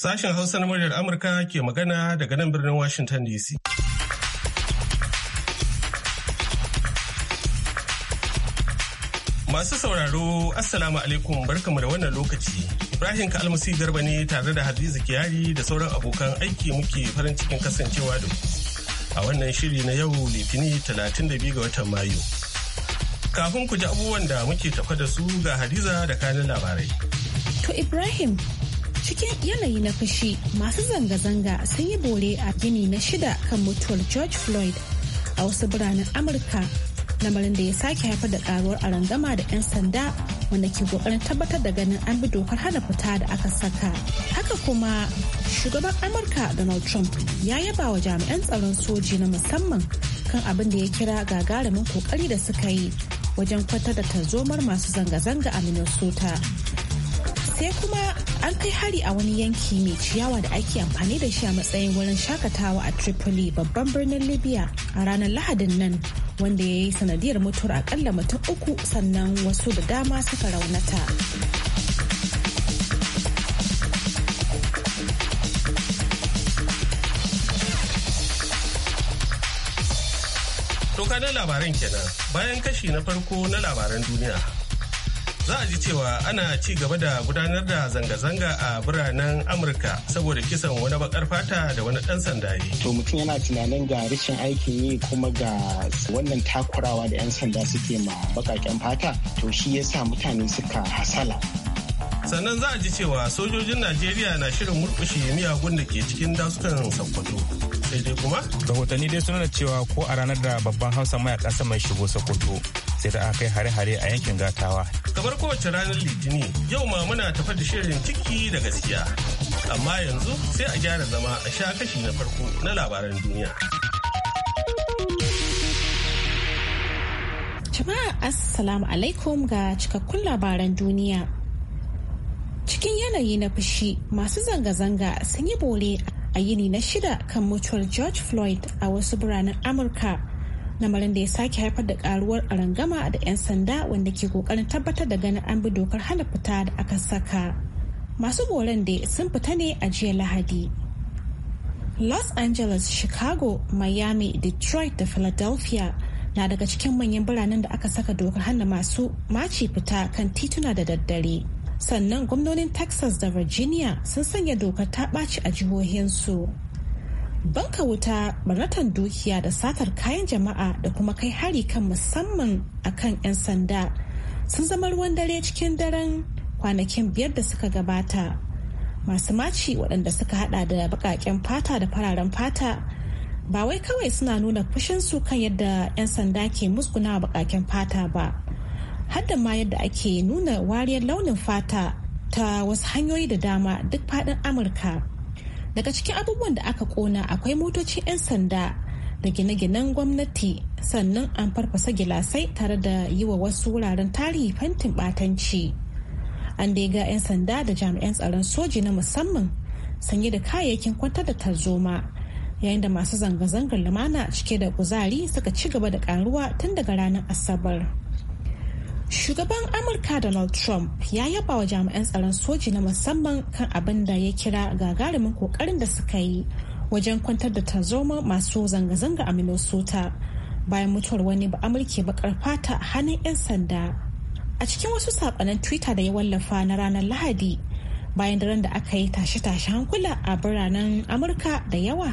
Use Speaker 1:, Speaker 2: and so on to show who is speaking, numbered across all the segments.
Speaker 1: Sashen Hausa na muryar Amurka ke magana daga nan birnin Washington DC. Masu sauraro, Assalamu alaikum barkamu da wannan lokaci. Ibrahim Kalmasi Garba ne tare da Hadiza Kiyari da sauran abokan aiki muke farin cikin kasancewa da a wannan shiri na yau Litini 32 ga watan Mayu. Kafin ku ji abubuwan da muke tafa da su ga Hadiza da kanin labarai.
Speaker 2: To Ibrahim, cikin yanayi na fushi masu zanga-zanga sun yi bore a gini na shida kan mutuwar george floyd a wasu biranen amurka lamarin da ya sake haifar da karuwar arangama da 'yan sanda wanda ke kokarin tabbatar da ganin an bi dokar hana fita da aka saka haka kuma shugaban amurka donald trump ya yaba wa jami'an tsaron soji na musamman kan abin da ya kira gagarumin kokari da suka yi wajen kwatar da tarzomar masu zanga-zanga a minnesota sai kuma an kai hari a wani yanki mai ciyawa da ake amfani da shi a matsayin wurin shakatawa a tripoli babban birnin libya a ranar lahadin nan wanda ya yi sanadiyar mutuwar akalla mutum uku sannan wasu da dama suka raunata
Speaker 1: Toka na labaran kenan bayan kashi na farko na labaran duniya za a ji cewa ana ci gaba da gudanar da zanga-zanga a biranen amurka saboda kisan wani bakar fata da wani dan sanda yi
Speaker 3: to mutum yana tunanin ga rashin aikin yi kuma ga wannan takurawa da 'yan sanda suke ma bakaken fata to shi ya sa mutane suka hasala
Speaker 1: sannan za a ji cewa sojojin najeriya na shirin murkushe miyagun da ke cikin dasukan sokoto sai kuma rahotanni dai suna da cewa ko a ranar da babban hausa kasa mai shigo sokoto sai da
Speaker 4: aka kai hare-hare a yankin gatawa
Speaker 1: kamar kowace ranar litini yau ma muna tafa da shirin ciki da gaskiya amma yanzu sai a gyara zama a sha kashi na farko na labaran duniya
Speaker 2: jama'a assalamu alaikum ga cikakkun labaran duniya cikin yanayi na fushi masu zanga-zanga sun yi bore a yini na shida kan mutuwar george floyd a wasu biranen amurka namarin da ya sake haifar da karuwar arangama da 'yan sanda wanda ke kokarin tabbatar da ganin an bi dokar hana fita da aka saka masu boran da sun fita ne a jiya lahadi los angeles chicago miami detroit da philadelphia na daga cikin manyan biranen da aka saka dokar hana masu maci fita kan tituna da daddare sannan gwamnonin texas da virginia sun sanya dokar ta ɓaci a jihohinsu banka wuta baratan dukiya da satar kayan jama'a da kuma kai hari kan musamman a kan 'yan sanda sun zama ruwan dare cikin daren kwanakin biyar da suka gabata masu maci waɗanda suka hada da baƙaƙen fata da fararen fata ba wai kawai suna nuna fushinsu kan yadda 'yan sanda ke musguna baƙaƙen fata ba har da ma yadda ake nuna wariyar launin fata ta wasu hanyoyi da dama duk faɗin amurka daga cikin abubuwan da aka kona akwai motocin 'yan sanda da gine-ginen gwamnati sannan an farfasa gilasai tare da yi wa wasu wuraren tarihi fentin batanci an dai ga 'yan sanda da jami'an tsaron soji na musamman sanye da kayayyakin kwantar da tarzoma yayin da masu zanga-zangar lumana cike da kuzari suka ci gaba da karuwa tun daga ranar asabar. Shugaban Amurka Donald Trump ya yaba wa jami'an tsaron soji na musamman kan abin da ya kira gagarumin kokarin da suka yi wajen kwantar da tarzoma masu zanga-zanga a Minnesota bayan mutuwar wani ba Amurke bakar fata a hannun 'yan sanda. A cikin wasu saƙonan Twitter da ya wallafa na ranar Lahadi bayan daren da aka yi tashe-tashe hankula a biranen Amurka da yawa.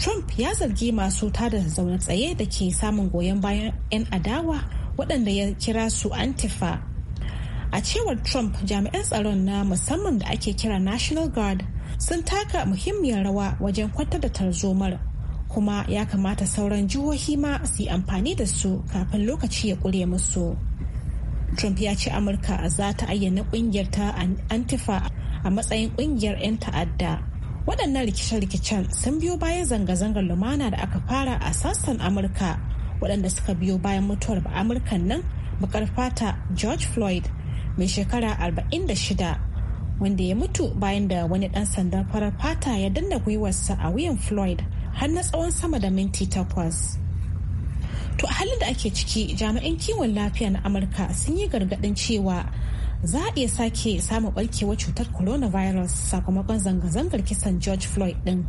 Speaker 2: Trump ya zargi masu tada zaune tsaye da ke samun goyon bayan 'yan adawa waɗanda ya kira su antifa a cewar trump jami'an tsaron na musamman da ake kira national guard sun taka muhimmiyar rawa wajen kwantar da tarzomar kuma ya kamata sauran jihohi ma su yi amfani da su kafin lokaci ya ƙure musu trump ya ce amurka za ta ayyana ƙungiyar ta antifa a matsayin ƙungiyar 'yan ta'adda waɗannan rikice-rikicen sun biyo bayan zanga-zangar lumana da aka fara a sassan amurka waɗanda suka biyo bayan mutuwar ba amurkan nan bakar fata george floyd mai shekara 46 wanda ya mutu bayan da wani ɗan sandan farar fata ya danna gwiwarsa a wuyan floyd har na tsawon sama da minti takwas to a halin da ake ciki jami'an kiwon lafiya na amurka sun yi gargaɗin cewa za a iya sake samun ɓarkewar cutar coronavirus sakamakon zanga-zangar kisan george floyd ɗin.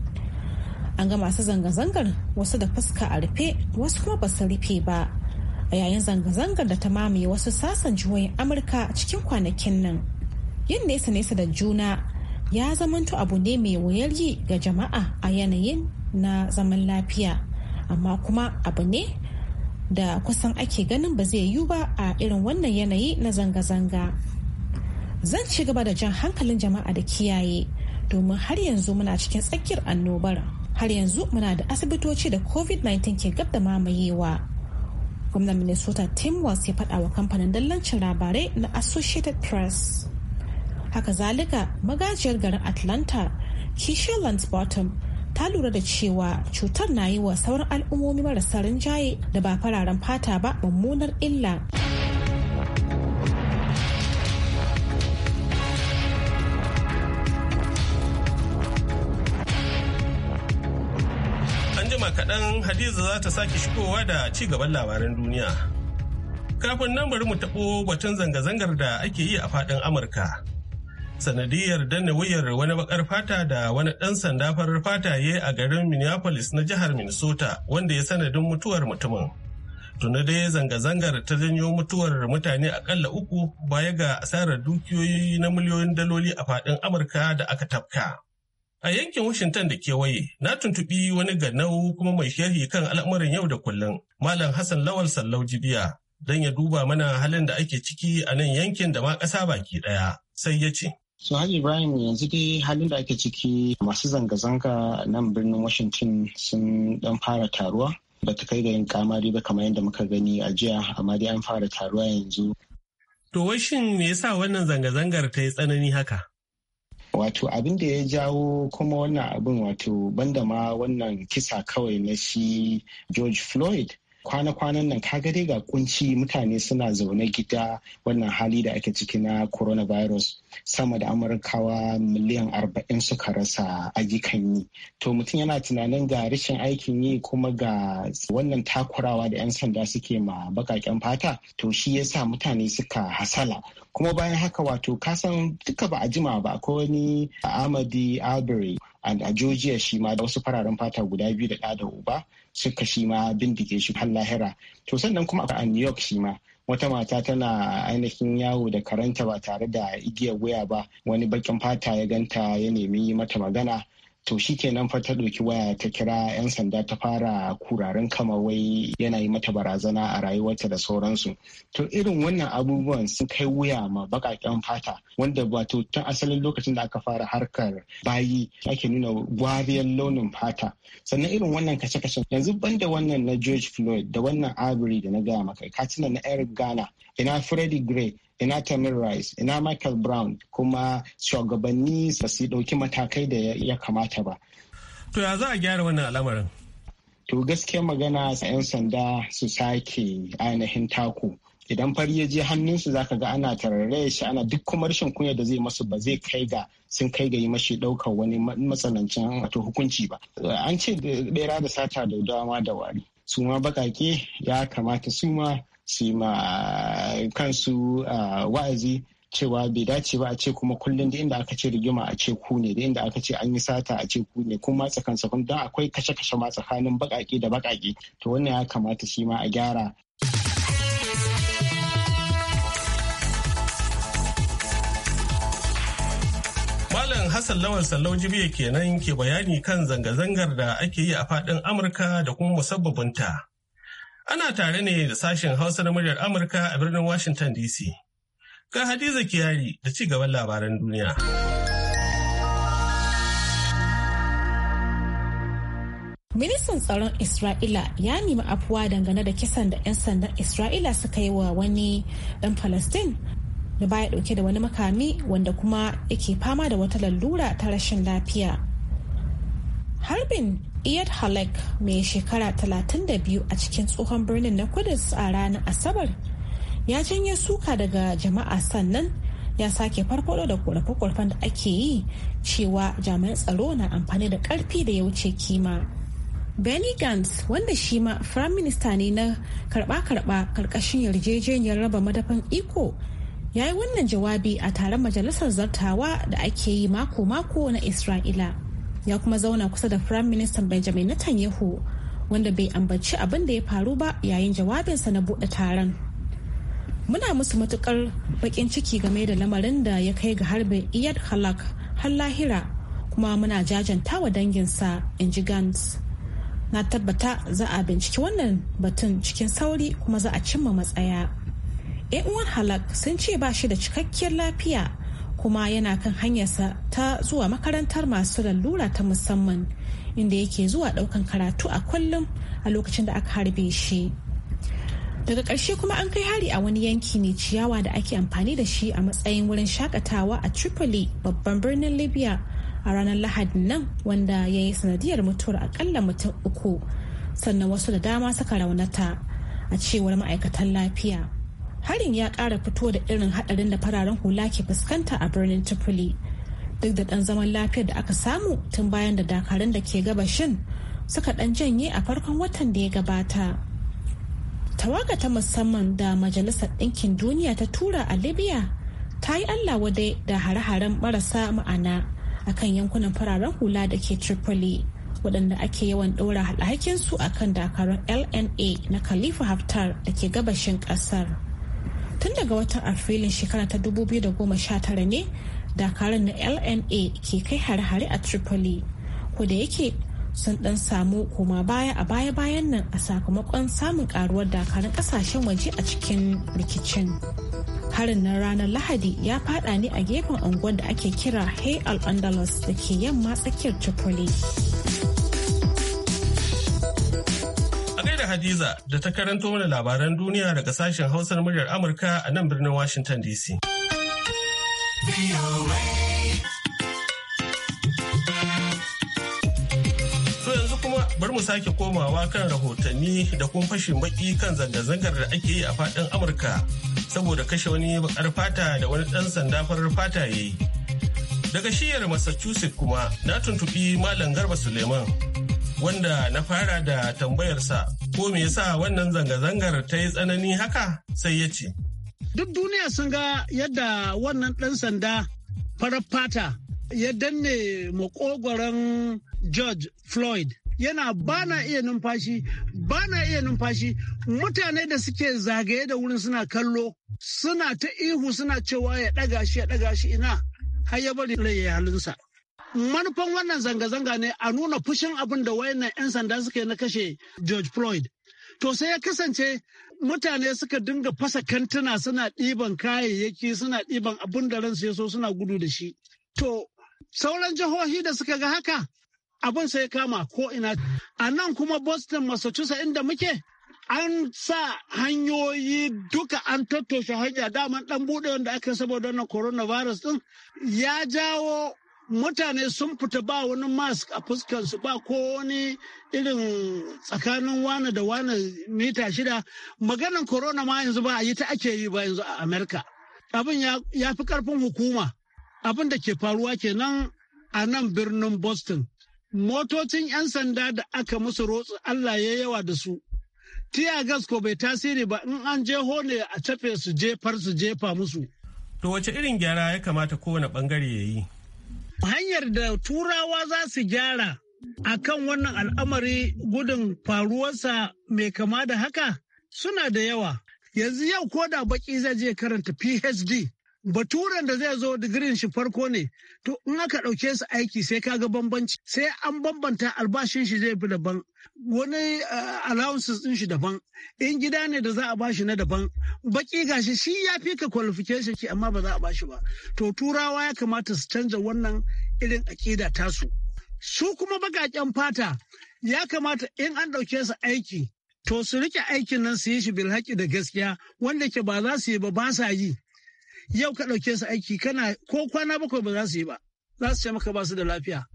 Speaker 2: an ga masu zanga-zangar wasu da fuska a rufe wasu kuma basu rufe ba a yayin zanga-zangar da ta mamaye wasu sassan jihohin amurka cikin kwanakin nan yin nesa-nesa da juna ya zamanto abu ne mai wayar yi ga jama'a a yanayin na zaman lafiya amma kuma abu ne da kusan ake ganin ba zai yiwu ba a irin wannan yanayi na zanga-zanga zan ci gaba da jan hankalin jama'a da kiyaye domin har yanzu muna cikin tsakiyar annobar har yanzu muna da asibitoci da covid-19 ke gab da mamayewa gwamnan minnesota tim ya faɗa wa kamfanin dallancin labarai na associated press haka zalika magajiyar garin atlanta kishiyar bottom ta lura da cewa cutar na yi wa sauran al'ummomi marasa rinjaye da ba fararen fata ba mummunar illa.
Speaker 1: Hadiza za ta sake shigowa da ci gaban labaran duniya. Kafin nan bari mu taɓo batun zanga-zangar da ake yi a faɗin Amurka. Sanadiyar danne wuyar wani bakar fata da wani ɗan sanda farar fata fataye a garin Minneapolis na jihar Minnesota wanda ya sanadin mutuwar mutumin. Tuna dai zanga-zangar ta janyo mutuwar mutane akalla uku baya ga asarar dukiyoyi na miliyoyin daloli a faɗin Amurka da aka tafka. A yankin Washington da kewaye, na tuntuɓi wani ganau kuma mai sharhi kan al'amuran yau da kullum, Malam Hassan Lawal Sallau Jibiya, don ya duba mana halin da ake ciki a nan yankin da ma ƙasa baki ɗaya, sai ya ce.
Speaker 3: So Haji Ibrahim yanzu dai halin da ake ciki masu zanga-zanga nan birnin Washington sun dan fara taruwa. Ba ta kai ga yin kamari ba kamar yadda muka gani a jiya, amma dai an fara taruwa yanzu.
Speaker 1: To wai shin me yasa wannan zanga-zangar ta yi tsanani haka?
Speaker 3: wato abin da ya jawo kuma wannan abin wato banda ma wannan kisa kawai na shi george floyd kwana-kwanan nan kaga dai ga kunci mutane suna zaune gida wannan hali da ake ciki na coronavirus sama da amurkawa miliyan arba'in suka rasa ayyukan yi to mutum yana tunanin ga rashin aikin yi kuma ga wannan takurawa da 'yan sanda suke ma bakaken fata to shi ya sa mutane suka hasala kuma bayan haka wato kasan duka ba a jima ba akwai wani amadi albury a Georgia shi ma wasu fararen fata guda biyu da ɗa da uba suka shi ma bindige shi har lahira to sannan kuma a New York shi ma wata mata tana ainihin yawo da karanta ba tare da igiyar wuya ba wani bakin fata ya ganta ya nemi mata magana to shi kenan fa ta ɗauki waya ta kira 'yan sanda ta fara kuraren kama wai yana yi mata barazana a rayuwarta da sauransu to irin wannan abubuwan sun kai wuya ma baƙaƙen fata wanda ba wato tun asalin lokacin da aka fara harkar bayi ake nuna wariyar launin fata sannan irin wannan kashe-kashen yanzu banda wannan na george floyd da wannan ivory da na gaya maka katina na eric ghana ina freddie gray ina Tamir Rice, ina Michael Brown kuma shugabanni ba su ɗauki matakai da ya kamata ba.
Speaker 1: To ya za a gyara wannan al'amarin?
Speaker 3: To gaskiya magana 'yan sanda su sake ainihin taku. idan fari ya je hannunsu za ka ga ana tarare shi ana duk kuma rashin kunya da zai masu ba zai kai ga sun kai ga yi mashi ɗaukar wani matsanancin wato hukunci ba an ce bera da sata da dama da wari su ma bakake ya kamata suma. su ma kansu wa'azi cewa bai dace ba a ce kuma kullum da inda aka ce rigima a ce ku ne da inda aka ce an yi sata a ce ku ne kuma tsakan sakon don akwai kashe-kashe ma tsakanin baƙaƙe da baƙaƙe to wannan ya kamata shi ma a gyara
Speaker 1: Malam Hassan Lawal Sallau Jibiya kenan ke bayani kan zanga-zangar da ake yi a faɗin Amurka da kuma musabbabinta. Ana tare ne da sashen Hausa na muryar Amurka a birnin Washington DC. Ga Hadiza Kiyari da ci gaban labaran duniya.
Speaker 2: Ministan tsaron Isra'ila ya nemi afuwa dangane da kisan da 'yan sandan Isra'ila suka yi wa wani ɗan Falastin da baya ɗauke da wani makami wanda kuma yake fama da wata lalura ta rashin lafiya. Harbin iyad halek mai shekara 32 a cikin tsohon birnin na kudus a ranar asabar ya janye suka daga jama'a sannan ya sake farfado da kurfe-kurfen da ake yi cewa jami'an tsaro na amfani da karfi da ya wuce kima benny gantz wanda shi ma firayim minista ne na karba-karba karkashin yarjejeniyar raba madafan iko ya yi wannan jawabi a taron majalisar zartawa da ake yi mako-mako na isra'ila ya kuma zauna kusa da Firayim Ministan Benjamin Netanyahu wanda bai ambaci abin da ya faru ba yayin jawabinsa na buɗe taron. Muna musu matukar baƙin ciki game da lamarin da ya kai ga harbin Iyad Halak har lahira kuma muna jajanta wa danginsa in ji gans Na tabbata za a binciki wannan batun cikin sauri kuma za a cimma matsaya. 'yan uwan Halak sun ce ba shi da cikakkiyar lafiya kuma yana kan hanyarsa ta zuwa makarantar masu lalura ta musamman inda yake zuwa daukan karatu a kullum a lokacin da aka harbe shi daga ƙarshe kuma an kai hari a wani yanki ne ciyawa da ake amfani da shi a matsayin wurin shakatawa a tripoli babban birnin libya a ranar lahadi nan wanda ya yi sanadiyar mutuwar akalla mutum uku sannan wasu da dama suka raunata a cewar ma'aikatan lafiya harin ya kara fito da irin hadarin da fararen hula ke fuskanta a birnin tripoli duk da dan zaman lafiyar da aka samu tun bayan da dakarun da ke gabashin suka dan janye a farkon watan da ya gabata tawaga ta musamman da majalisar ɗinkin duniya ta tura a libya ta yi allah wadai da hare-haren marasa ma'ana akan yankunan fararen hula da ke tripoli waɗanda ake yawan ɗora alhakinsu akan dakarun lna na khalifa haftar da ke gabashin ƙasar. tun daga watan afrilun shekara ta 2019 ne dakarun na lna ke kai hare-hare a tripoli ko da yake sun dan samu koma baya a baya-bayan nan a sakamakon samun karuwar dakarun kasashen waje a cikin rikicin harin na ranar lahadi ya fada ne a gefen unguwar da ake kira hey al-andalus da ke yamma tsakiyar tripoli
Speaker 1: da Hadiza da ta karanto mana labaran duniya daga sashen Hausar muryar Amurka a nan birnin Washington DC. So yanzu kuma bar mu sake komawa kan rahotanni da kuma fashin baki kan zanga-zangar da ake yi a faɗin Amurka saboda kashe wani bakar fata da wani ɗan sanda farar fata ya yi. Daga shiyar Massachusetts kuma na tuntuɓi Malam Garba Suleiman wanda na fara da tambayarsa ko me yasa wannan zanga-zangar ta yi tsanani haka sai ya ce.
Speaker 5: Duk duniya sun ga yadda wannan ɗan sanda farar fata ya danne makogoron George Floyd. yana ba na iya numfashi ba iya numfashi mutane da suke zagaye da wurin suna kallo suna ta ihu suna cewa ya ɗaga shi ya ɗaga shi ina har ya bari rai halinsa manufan wannan zanga-zanga ne a nuna fushin abin da wayannan 'yan sanda suka yi na kashe George Floyd. To sai ya kasance mutane suka dinga fasa kantuna suna ɗiban kayayyaki suna ɗiban abin da ransu ya so suna gudu da shi. To sauran jihohi da suka ga haka abin sai kama ko ina. A nan kuma Boston, Massachusetts inda muke an sa hanyoyi duka an tattoshe hanya daman ɗan buɗe wanda aka saboda wannan coronavirus ɗin ya jawo mutane sun fita ba wani mask a fuskansu ba ko wani irin tsakanin wane da wane mita shida maganin corona ma yanzu ba a yi ta ake yi ba yanzu a amerika abin ya fi karfin hukuma abin da ke faruwa kenan a nan birnin boston motocin 'yan sanda da aka musu rotsu allah ya yawa da su tiya gas ko bai tasiri ba in an je ne a tafe su jefar su jefa musu
Speaker 1: to wace irin gyara ya kamata kowane bangare ya yi
Speaker 5: hanyar da turawa za su gyara a kan wannan al'amari gudun faruwarsa mai kama da haka suna da yawa. Yanzu yau ko da baki zai je karanta PhD baturen da zai zo digirin shi farko ne to in aka ɗauke su aiki sai kaga bambanci sai an bambanta albashin shi zai fi daban wani eh, allowances din shi daban in gida ne da za a bashi na daban baki gashi shi ya fi ka qualification ki amma ba za a bashi ba to turawa ya kamata su canza wannan irin aƙida tasu su kuma bakaƙen fata ya kamata in an ɗauke su aiki to su rike aikin nan su yi shi bilhaki da gaskiya wanda ke ba za su yi ba ba sa yi yau ka ɗauke su aiki kana ko kwana bakwai ba za su yi ba za su ce maka ba su da lafiya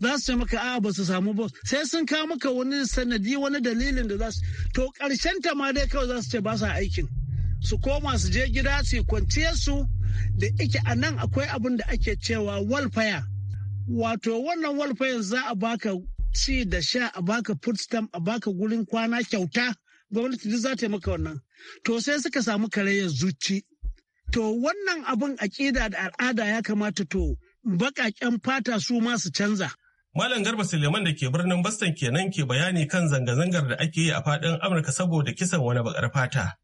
Speaker 5: za su ce maka a'a ba su samu ba sai sun kawo maka wani sanadi wani dalilin da za su to ƙarshen ta ma dai kawai za su ce ba sa aikin su koma su je gida su kwanciye su da ike a nan akwai abin da ake cewa walfaya wato wannan walfayan za a baka ci da sha a baka food stamp a baka gurin kwana kyauta gwamnati duk za ta yi maka wannan to sai suka samu karayar zuci To wannan abin aƙida da al'ada ya kamata to baƙaƙen fata su ma su canza.
Speaker 1: Malam Garba Suleiman da ke birnin Boston kenan ke bayani kan zanga-zangar da ake yi a faɗin Amurka saboda kisan wani baƙar fata.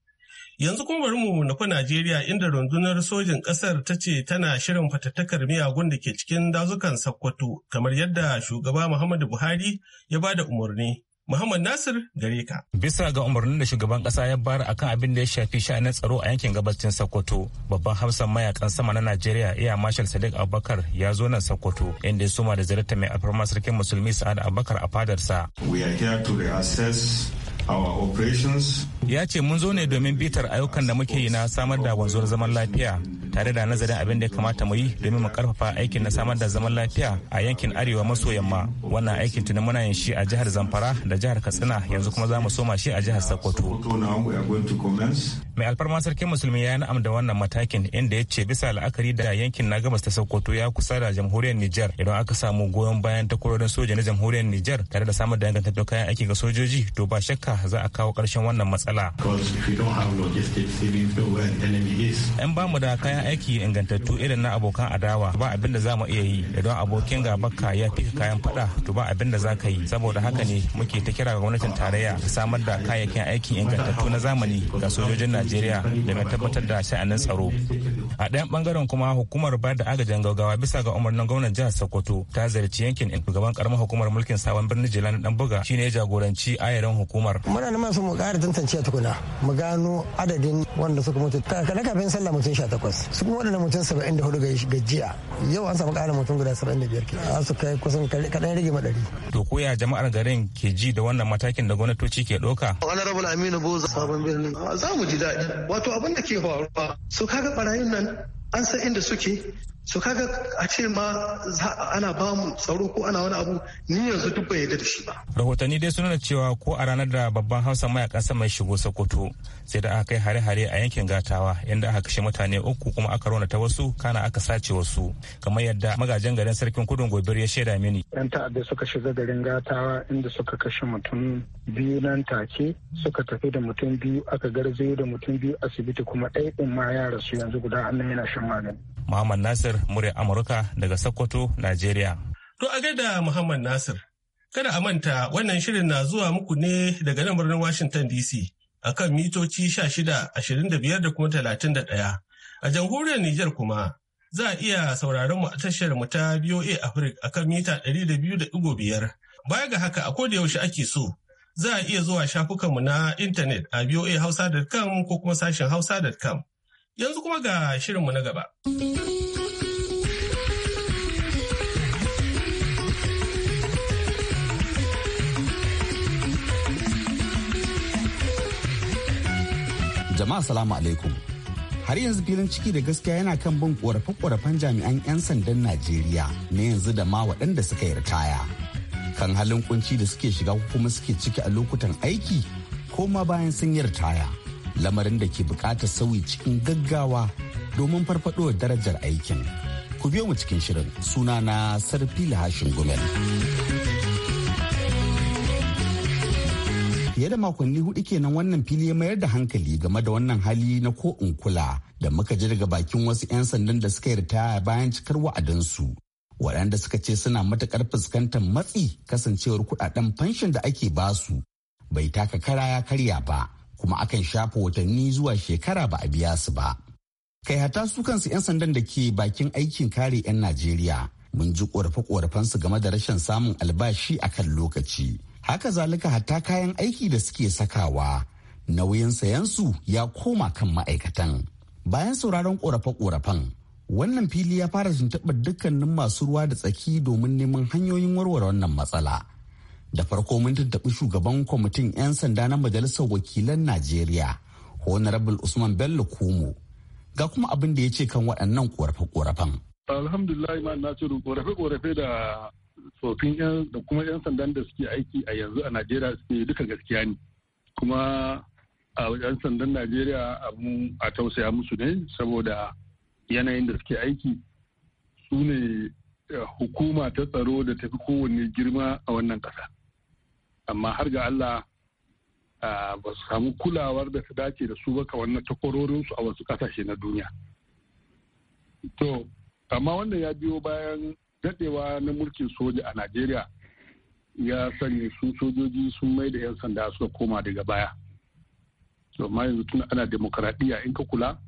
Speaker 1: Yanzu kuma bari mu nufi Najeriya inda rundunar sojin ƙasar ta ce tana shirin fatattakar miyagun da ke cikin dazukan Sokoto kamar yadda shugaba Muhammadu Buhari ya ba da umarni. Muhammad Nasir gare ka. Bisa ga umarnin da shugaban kasa ya bayar akan abin da ya shafi sha'anin tsaro a yankin
Speaker 4: gabacin Sokoto, babban hafsan mayakan sama na Najeriya Iya Marshal Sadiq Abubakar ya zo nan Sokoto inda ya suma da ziyarta mai alfarma sarkin musulmi Sa'ad Abubakar a fadarsa. We are here to reassess Ya ce mun zo ne domin bitar ayyukan da muke yi na samar da wanzuwar zaman lafiya tare da nazarin abin da ya kamata mu yi domin mu karfafa aikin na samar da zaman lafiya a yankin arewa maso yamma wannan aikin tuni muna yin shi a jihar zamfara da jihar katsina yanzu kuma za mu soma shi a jihar sokoto mai alfarma sarkin musulmi ya na'am da wannan matakin inda ya ce bisa la'akari da yankin na gabas ta sokoto ya kusa da jamhuriyar Nijar idan aka samu goyon bayan takwarorin soja na jamhuriyar Nijar tare da samar da ingantattun kayan aiki ga sojoji to ba shakka za a kawo ƙarshen wannan matsala. ‘Yan ba mu da kayan aiki ingantattu irin na abokan adawa ba abin da za mu iya yi idan abokin gabaka ya fi kayan fada to ba abin da za ka yi saboda haka ne muke ta kira ga gwamnatin tarayya ta samar da kayayyakin aiki ingantattu na zamani ga sojojin Najeriya da domin tabbatar da sha'anin tsaro. A ɗayan ɓangaren kuma hukumar ba da agajin gaggawa bisa ga umarnin gwamnan jihar Sokoto ta ziyarci yankin gaban karamar hukumar mulkin sabon birnin Jilani dan buga shine ya jagoranci ayarin
Speaker 5: hukumar muna nan su mu ƙara tantance tukuna mu gano adadin wanda suka mutu kakana kafin sallah mutum sha takwas su kuma wadannan mutum saba'in da hudu gajiya yau an samu ƙarin mutum guda saba'in da biyar su kai kusan kaɗan rage maɗari.
Speaker 4: to ya jama'ar garin ke ji da wannan matakin da gwamnatoci ke ɗauka.
Speaker 5: honorable aminu boza sabon birni za mu ji daɗi wato abin da ke
Speaker 6: faruwa su kaga ɓarayin nan an san inda suke su kaga a ce ma ana ba mu tsaro ko ana wani abu ni yanzu duk bai yarda da shi ba
Speaker 4: rahotanni dai suna da cewa ko a ranar da babban hausa mayaka sama mai shigo sokoto sai da aka kai hare-hare a yankin gatawa inda aka kashe mutane uku kuma aka raunata wasu kana aka sace wasu kamar yadda magajin garin sarkin kudin gobir ya shaida mini
Speaker 6: yan ta'adda suka shiga garin gatawa inda suka kashe mutum
Speaker 3: biyu nan take suka tafi da mutum biyu aka garzayo da mutum biyu asibiti kuma ɗaya ɗin ma ya rasu yanzu guda annan yana shan magani
Speaker 1: muhammad
Speaker 4: nasir murya amurka daga sokoto najeriya
Speaker 1: to a gaida muhammad nasir kada a manta wannan shirin na zuwa muku ne daga nan birnin washington dc a kan mitoci 16, da kuma 31. A jamhuriyar Nijar kuma za a iya sauraron mu a tashar mu ta BOA Africa akan mita 200.5. Baya ga haka a koda yaushe ake so za a iya zuwa shafukanmu na intanet a BOA voahausa.com ko kuma sashen hausa.com. Yanzu kuma ga shirinmu na gaba.
Speaker 7: Jama'a salamu alaikum. Har yanzu filin ciki da gaskiya yana kan bin korafe-korafen jami'an 'yan sandan Najeriya na yanzu da ma waɗanda suka yi ritaya. Kan halin kunci da suke shiga ko kuma suke ciki a lokutan aiki ko ma bayan sun yi ritaya. Lamarin da ke buƙatar sauyi cikin gaggawa domin farfaɗowar darajar aikin. Ku biyo mu cikin shirin sunana Sarfila Hashin Gumel. fiye da makonni hudu kenan wannan fili ya mayar da hankali game da wannan hali na ko in kula da muka ji daga bakin wasu 'yan sandan da suka yarda ritaya bayan cikar wa'adansu waɗanda suka ce suna mata fuskantar matsi kasancewar kudaden fanshin da ake basu bai taka kara ya karya ba kuma akan shafa watanni zuwa shekara ba a biya su ba kai hata su kansu 'yan sandan da ke bakin aikin kare 'yan najeriya mun ji korafe-korafensu game da rashin samun albashi a kan lokaci haka zalika hatta kayan aiki da suke sakawa nauyin sayansu ya koma kan ma'aikatan bayan sauraron korafe-korafen wannan fili ya fara tuntuɓar dukkanin masu ruwa da tsaki domin neman hanyoyin warware wannan matsala da farko mun tuntuɓi shugaban kwamitin 'yan sanda na majalisar wakilan najeriya honorable usman bello kumo ga kuma abin da ya ce kan waɗannan korafe-korafen
Speaker 6: alhamdulillah ma na korafe-korafe da tsofin da kuma 'yan sandan da suke aiki a yanzu a najeriya suke duka gaskiya ne kuma a 'yan sandan najeriya abu a tausaya musu ne saboda yanayin da suke aiki su ne eh, hukuma ta tsaro da tafi kowanne girma a wannan ƙasa amma har ga allah ba su samu kulawar da ta dace da su baka wannan takwarorinsu a wasu ƙasashe na duniya to amma wannan ya biyo bayan dadewa na mulkin soja a najeriya ya sanya su sojoji sun mai da 'yan sanda suka koma daga baya ma yanzu tun ana demokaradiyya in ka kula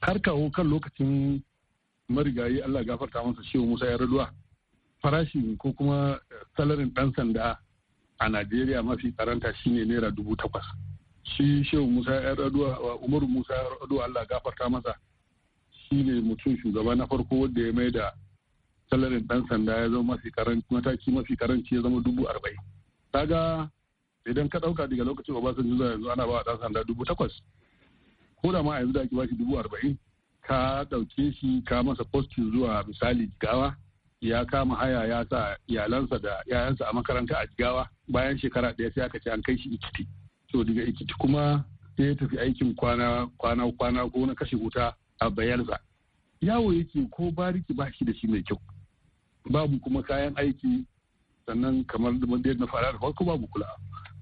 Speaker 6: har kawo kan lokacin marigayi allah gafarta masa shehu musa ya raduwa farashin ko kuma salarin dan sanda a najeriya mafi karanta shine naira dubu takwas shi shehu musa ya raduwa umaru musa ya raduwa allah gafarta masa shine mutum shugaba na farko wanda ya mai da salarin dan sanda ya zama mafi karanci mataki mafi karanci ya zama dubu arba'in kaga idan ka ɗauka daga lokacin obasanjo zuwa yanzu ana ba dan sanda dubu takwas ko da ma yanzu da ake bashi dubu arba'in ka ɗauke shi ka masa postin zuwa misali jigawa ya kama haya ya sa iyalansa da yayansa a makaranta a jigawa bayan shekara ɗaya sai aka ce an kai shi ikiti to daga ikiti kuma sai ya tafi aikin kwana kwana kwana ko na kashe wuta a bayarsa yawo yake ko bariki ba shi da shi mai kyau babu kuma kayan aiki sannan kamar da na fara da farko babu kula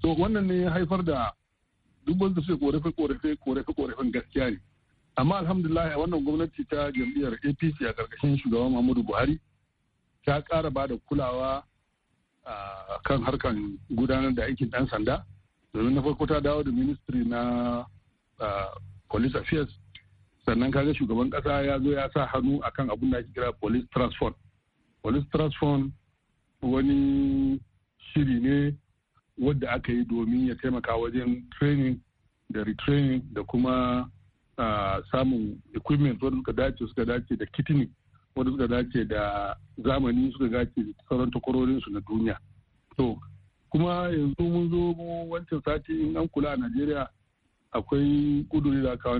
Speaker 6: so wannan ne haifar da dubban da suke korafe korafe korafe korafen gaskiya ne amma alhamdulillah wannan gwamnati ta jam'iyyar apc a ƙarƙashin shugaban muhammadu buhari ta ƙara ba da kulawa kan harkar gudanar da aikin ɗan sanda domin na farko ta dawo da ministry na police affairs sannan kaga shugaban ƙasa ya zo ya sa hannu akan abin da ake kira police transport police trust fund wani shiri ne wadda aka yi domin ya taimaka wajen training da retraining da kuma samun equipment wadda suka dace suka dace da kitini wadda suka dace da zamani suka dace da sauran takwarorinsu na duniya to kuma yanzu mun zo mu wancan sati in an kula a najeriya akwai kuduri da kawo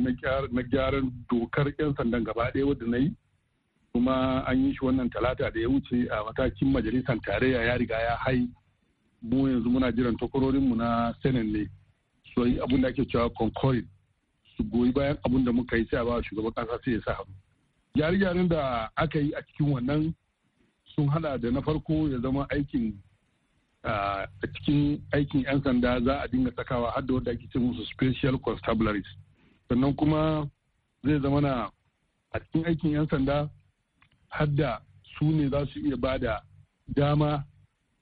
Speaker 6: na gyaran dokar 'yan sandan gaba ɗaya wadda na yi kuma an yi shi wannan talata da ya wuce a matakin majalisar tarayya ya riga ya hai mu yanzu muna jiran takwarorinmu na senan ne su yi abin da ake cewa concord su goyi bayan abin da muka yi sai a ba shugaban kasa sai ya sa hannu gyare-gyaren da aka yi a cikin wannan sun hada da na farko ya zama aikin a cikin aikin 'yan sanda za a dinga sakawa har da wanda ake ce musu special constabularies sannan kuma zai zama na a cikin aikin 'yan sanda hadda su ne za su iya ba da dama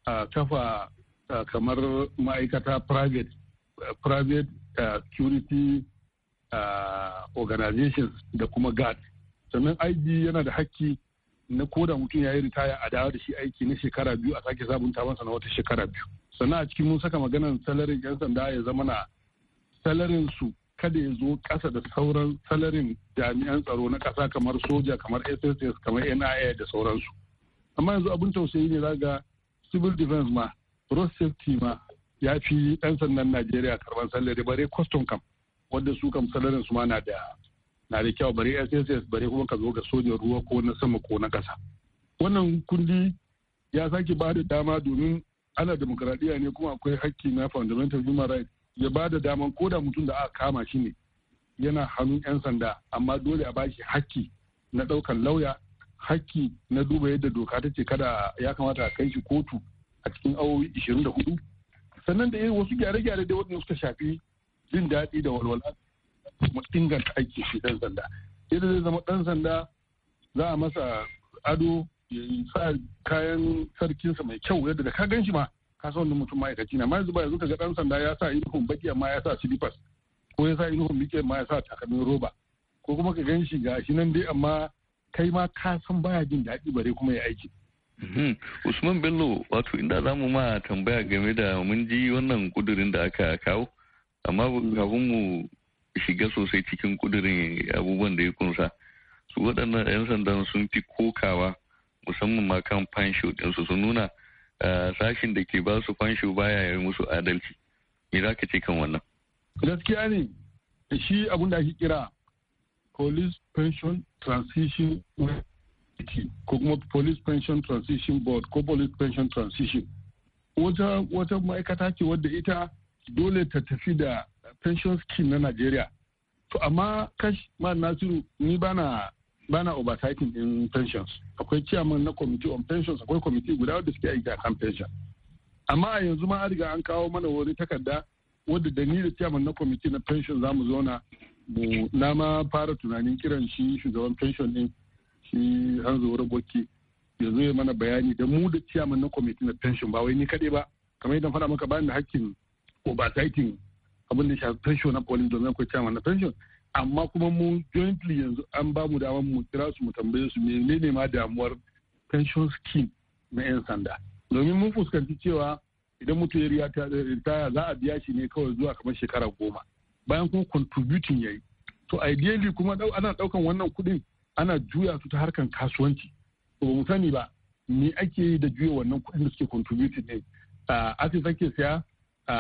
Speaker 6: a kafa kamar ma'aikata private private security organizations da kuma guard sannan IG yana da hakki na koda mutum ya yi ritaya a dawo da shi aiki na shekara biyu a sake sabunta masa na wata shekara biyu sannan a cikin mun saka maganar salarin yan sanda ya zama na salarin su kada ya zo kasa da sauran salarin jami'an tsaro na kasa kamar soja kamar sss kamar nia da sauransu amma yanzu abin tausayi ne ga civil defense ma road safety ma ya fi ɗan sandan najeriya karban salari bare custom kam wanda su kam salarin su ma na da na da kyau bare sss bare kuma ka zo ga sojan ruwa ko na sama ko na kasa wannan kundi ya sake ba da dama domin ana demokradiyya ne kuma akwai hakki na fundamental human rights ya ba da daman ko da mutum da aka kama shi ne yana hannun 'yan sanda amma dole a bashi haƙƙi na ɗaukar lauya Haƙƙi na duba yadda doka ta ce kada ya kamata a kai shi kotu a cikin awowi 24 sannan da yi wasu gyare-gyare da waɗanda suka shafi jin daɗi da walwala kuma inganta aiki shi ɗan sanda yadda zai zama ɗan sanda za a masa ado ya yi sa kayan sarkinsa mai kyau yadda da ka gan shi ma ka san wani mutum ma'aikaci na ma yanzu ba yanzu ka ga dan sanda ya sa uniform baki amma ya sa slippers ko ya sa uniform biki amma ya sa takalmin roba ko kuma ka gan shi ga shi nan dai amma kai ma ka san baya jin daɗi bare kuma ya aiki
Speaker 8: mhm. Usman Bello wato inda za mu ma tambaya game da mun ji wannan kudurin da aka kawo amma kafin mu shiga sosai cikin kudurin abubuwan da ya kunsa su waɗannan 'yan sandan sun fi kokawa musamman ma kan fanshi su sun nuna Eh, sashin da ke ba su fansho baya yi musu adalci me za ka ce kan wannan
Speaker 6: gaskiya ne shi abin da ake kira police pension transition ko kuma police pension transition board ko police pension transition wata wata ma'aikata ce wadda ita dole ta tafi da pension scheme na Najeriya to amma kash ma nasiru ni bana bana oversighting in pensions akwai chairman na committee on pensions akwai committee guda wadda suke aiki akan pension amma a yanzu ma an riga an kawo mana wani takarda wadda da ni da chairman na committee na pension za mu zauna mu na ma fara tunanin kiran shi shugaban pension din shi hanzo raboki ya zo ya mana bayani da mu da chairman na committee na pension ba wai ni kaɗai ba kamar yadda faɗa maka bayan da hakkin oversighting abin da shafi pension na polin domin akwai chairman na pension amma kuma mu jointly yanzu an ba mu damar mu kira su mu tambaye su menene ma damuwar pension scheme na 'yan sanda domin mun fuskanci cewa idan mutum ya ritaya eh, za a biya shi ne kawai zuwa kamar shekara goma bayan kuma contributing ya yi to ideally kuma ana daukan wannan kuɗin ana juya su ta harkan kasuwanci to ba mu sani ba me ake yi da juya wannan kuɗin da suke contributing ne asis ah, ake siya a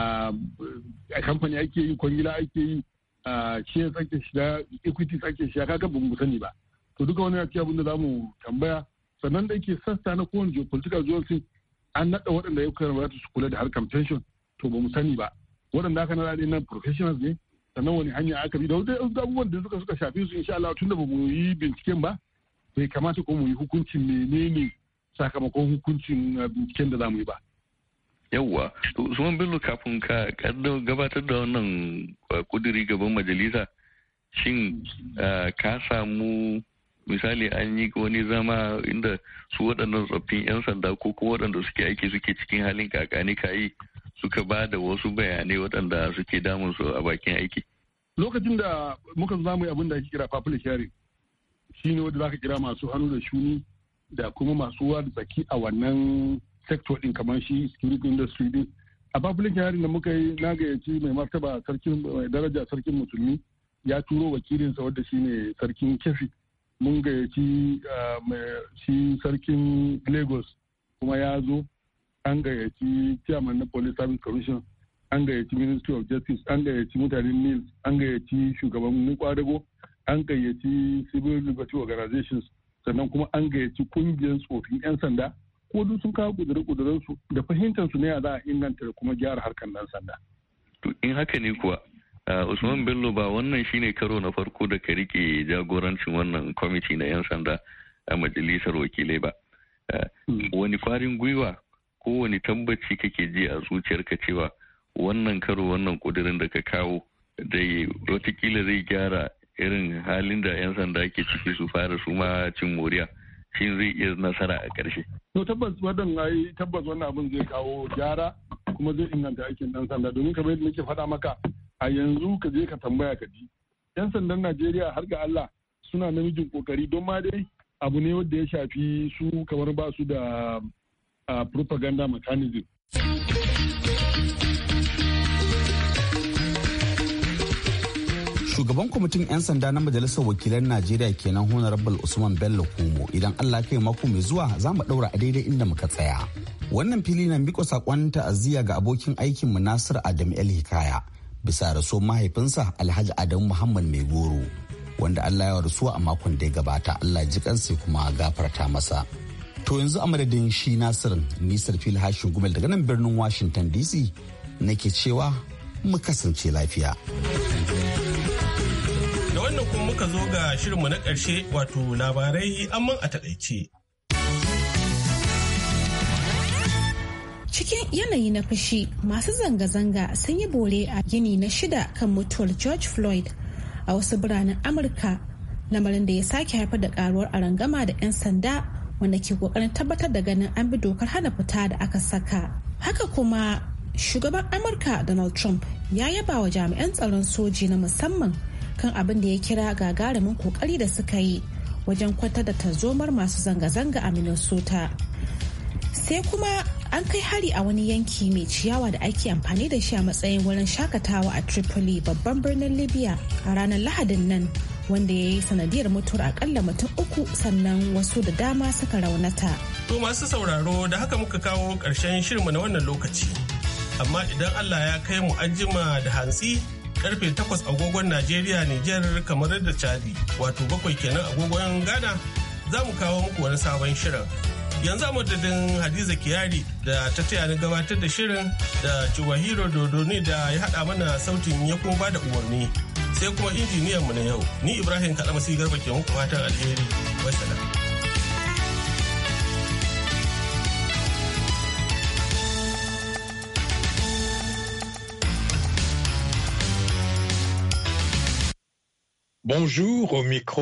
Speaker 6: ah, kamfani eh, ake yi kwangila ake yi shi ya sake shiga equity sake shiga ba mu sani ba to duka wani ya abin da za mu tambaya sannan da yake sassa na kowane geopolitical geography an naɗa waɗanda ya kira su kula da harkar pension to ba mu sani ba waɗanda aka naɗa nan professionals ne sannan wani hanya aka bi da wata abubuwan da suka suka shafi su insha Allah tunda ba mu yi binciken ba bai kamata ko mu yi hukuncin menene sakamakon hukuncin uh, binciken da za mu yi ba
Speaker 8: yawwa to usman bello kafin ka gabatar da wannan uh, kuduri gaban majalisa shin uh, ka samu misali an yi wani zama inda su waɗannan tsoffin 'yan sanda ko kuma waɗanda suke aiki suke cikin halin kakani kayi suka ba da wasu bayanai waɗanda suke damun su a bakin aiki
Speaker 6: lokacin da muka zo zamu abin da ake kira public hearing shine wanda zaka kira masu hannu da shuni da kuma masu ruwa da tsaki a wannan sector din kamar shi security industry din a public hearing da muka yi na gayyaci mai martaba sarkin mai daraja sarkin musulmi ya turo wakilin sa wanda shine sarkin kefi mun gayyaci ah, shi sarkin lagos kuma ya zo an gayyaci chairman na police service commission an gayyaci ministry of justice an gayyaci mutanen nils an gayyaci shugaban kwadago an gayyaci civil liberty organizations sannan kuma an gayyaci kungiyar tsofin 'yan sanda ko duk sun kawo kudura su da fahimtar su ne a za a inganta da kuma gyara harkar nan sanda.
Speaker 8: To in haka ne kuwa Usman Bello ba wannan shine karo na farko da ka rike jagorancin wannan kwamiti na 'yan sanda a majalisar wakilai ba. Hmm. Wani kwarin gwiwa ko wani tambaci kake ji a zuciyarka cewa wannan karo wannan kudirin da ka kawo da watakila zai gyara irin halin da 'yan sanda ke ciki su fara su cin moriya shi zai iya nasara a ƙarshe.
Speaker 1: To tabbas
Speaker 6: wannan ai tabbas wannan abin zai kawo gyara kuma zai inganta aikin ɗan sanda domin kamar yadda nake faɗa maka a yanzu ka je ka tambaya ka ji. ‘Yan sandan Najeriya har ga Allah suna namijin kokari don ma dai abu ne wanda ya shafi su kamar ba su da ah, propaganda mechanism.
Speaker 7: shugaban kwamitin 'yan sanda na majalisar wakilan najeriya kenan honorable usman bello kumo idan allah kai mako mai zuwa za mu daura a daidai inda muka tsaya wannan fili na miko sakon ta'aziyya ga abokin aikin mu nasir Adamu el hikaya bisa raso mahaifinsa alhaji adamu muhammad mai goro wanda allah ya rasuwa a makon da ya gabata allah ji kansa kuma gafarta masa to yanzu a madadin shi Nasir nisar fil hashin gumel daga nan birnin washington dc nake cewa mu kasance lafiya.
Speaker 1: in muka zo ga shirinmu na ƙarshe wato labarai amma a taƙaice.
Speaker 2: cikin yanayi na fushi masu zanga-zanga sun yi bore a gini na shida kan mutuwar george floyd a wasu biranen amurka lamarin da ya sake haifar da karuwar arangama da 'yan sanda wanda ke kokarin tabbatar da ganin an bi dokar hana fita da aka saka haka kuma shugaban amurka donald trump ya yaba wa jami'an tsaron soji na musamman kan abin da ya kira gagarumin kokari da suka yi wajen kwantar da tarzomar masu zanga-zanga a minnesota sai kuma an kai hari a wani yanki mai ciyawa da ake amfani da shi a matsayin wurin shakatawa a tripoli babban birnin libya a ranar lahadin nan wanda ya yi sanadiyar mutuwar akalla mutum uku sannan wasu da dama suka raunata.
Speaker 1: To masu sauraro da haka muka kawo ƙarshen shirinmu na wannan lokaci. Amma idan Allah ya kai mu anjima da hantsi karfe takwas agogon Najeriya Nijar kamar da Chadi wato bakwai kenan agogon Ghana za mu kawo muku wani sabon shirin. Yanzu a madadin Hadiza Kiyari da ta taya ni gabatar da shirin da Chiwahiro Dodoni da ya haɗa mana sautin ya kuma ba da umarni. Sai kuma injiniyan mu na yau, ni Ibrahim Kalamasi Garba ke muku fatan alheri. Wassalam.
Speaker 7: Bonjour au micro